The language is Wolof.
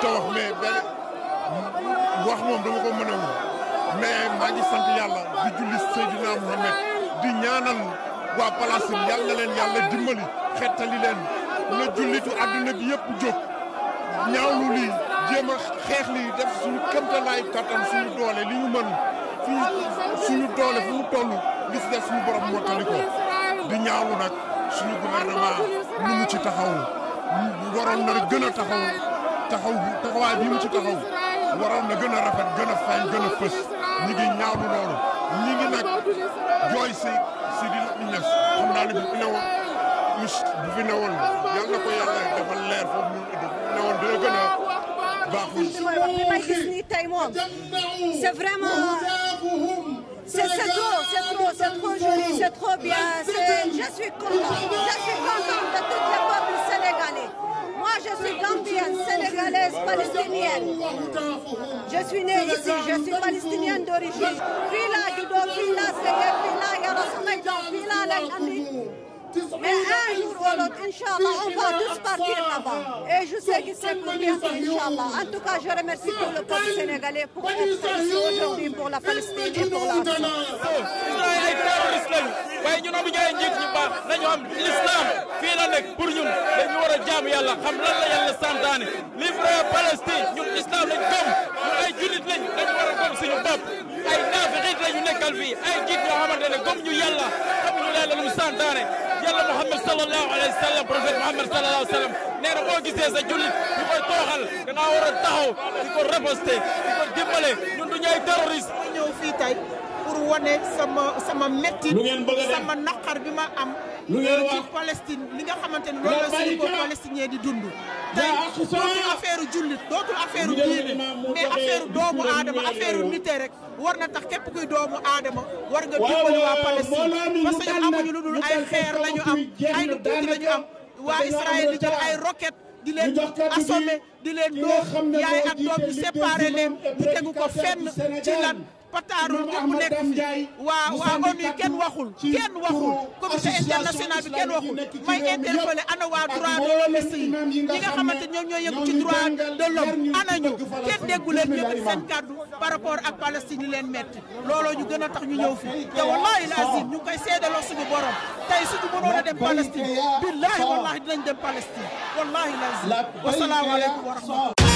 mënta wax mais benn wax moom dama ko mën a mais maa ngi sant yàlla di julli Seydina Mohamed di ñaanal waa Palestine yàlla na leen yàlla dimbali xettali leen na jullitu àdduna bi yëpp jóg ñaawlu lii jéem a xeex lii def suñu këmtalaay kattan suñu doole li ñu mën fi suñu doole fu mu toll li si def suñu borom moo tali ko di ñaawlu nag suñu gouvernement nu mu ci taxaw waroon na gën a taxaw taxaw taxawaay bi mu ci taxaw waroon na gën a rafet gën a feeñ gën a fës ñi ngi ñaawlu loolu ñi jooy si si di ñes xam naa ne bu fi newoon fi newoon yal na ko yàlla leer foofu mu newoon dina gën a baax li may wax li may gis nii tey moom c'est vraiment c'est trop c'est trop c'est trop joli c'est palestinienne. Je suis née ici, je suis palestinienne d'origine. fii laa juddoo fii laa sëyee fii laa yaroo Mais un jour ou l'autre, Inch'Allah, on va tous partir là-bas. Et je sais que c'est pour bientôt, Inch'Allah. En tout cas, je remercie tout le peuple sénégalais pour être ici aujourd'hui pour la la Israël ay terroriste lañu waaye ñun amuñu ay ñu baax la a jaam yàlla xam lan la yàlla santaane livre Palestine ñun islam lañ ay jullit lañ dañu war a gëm suñu bopp ay naafiqiit lañu nekkal fii ay njiit ñoo xamante ne ñu yàlla xamuñu yàlla lu mu santaane yàlla Muhammad sallallahu alayhi wa sallam prophète Muhammad sallallahu alayhi wa sallam nee na boo gisee sa jullit di ko tooxal da ngaa war a taxaw di ko riposte di ko dimbale ñun du ñuy pour wane sama sama métti sama naqar bi ma am euh, ci Palestine li nga xamante ni loolu la suñu ko palestinien di dund tey dootul affaire jullit dootul affaire diine mais affaire doomu aadama affaire nite rek war na tax képp kuy doomu aadama war nga dimbali waa Palestine parce amuñu lu dul ay xeer la am ay lu tuuti la am waa Israël di jël ay roquette di leen assommé di leen dóor yaay ak doom ñu leen ñu tegu ko fenn ci pataaru ñëpp nekk fi waa waa ONU kenn waxul kenn waxul comité international bi kenn waxul may interpellé ana waa droit de l'homme yi ñi nga xamante ñoom ñoo yëngu ci droit de ana ñu kenn déggu leen ñu seen kàddu par ak Palestine yi leen metti looloo ñu gën a tax ñu ñëw fi te wallaahi laasim ñu ngi koy seedaloo suñu borom tey suñu mënoon a dem Palestine wallaahi dinañ dem aleykum wa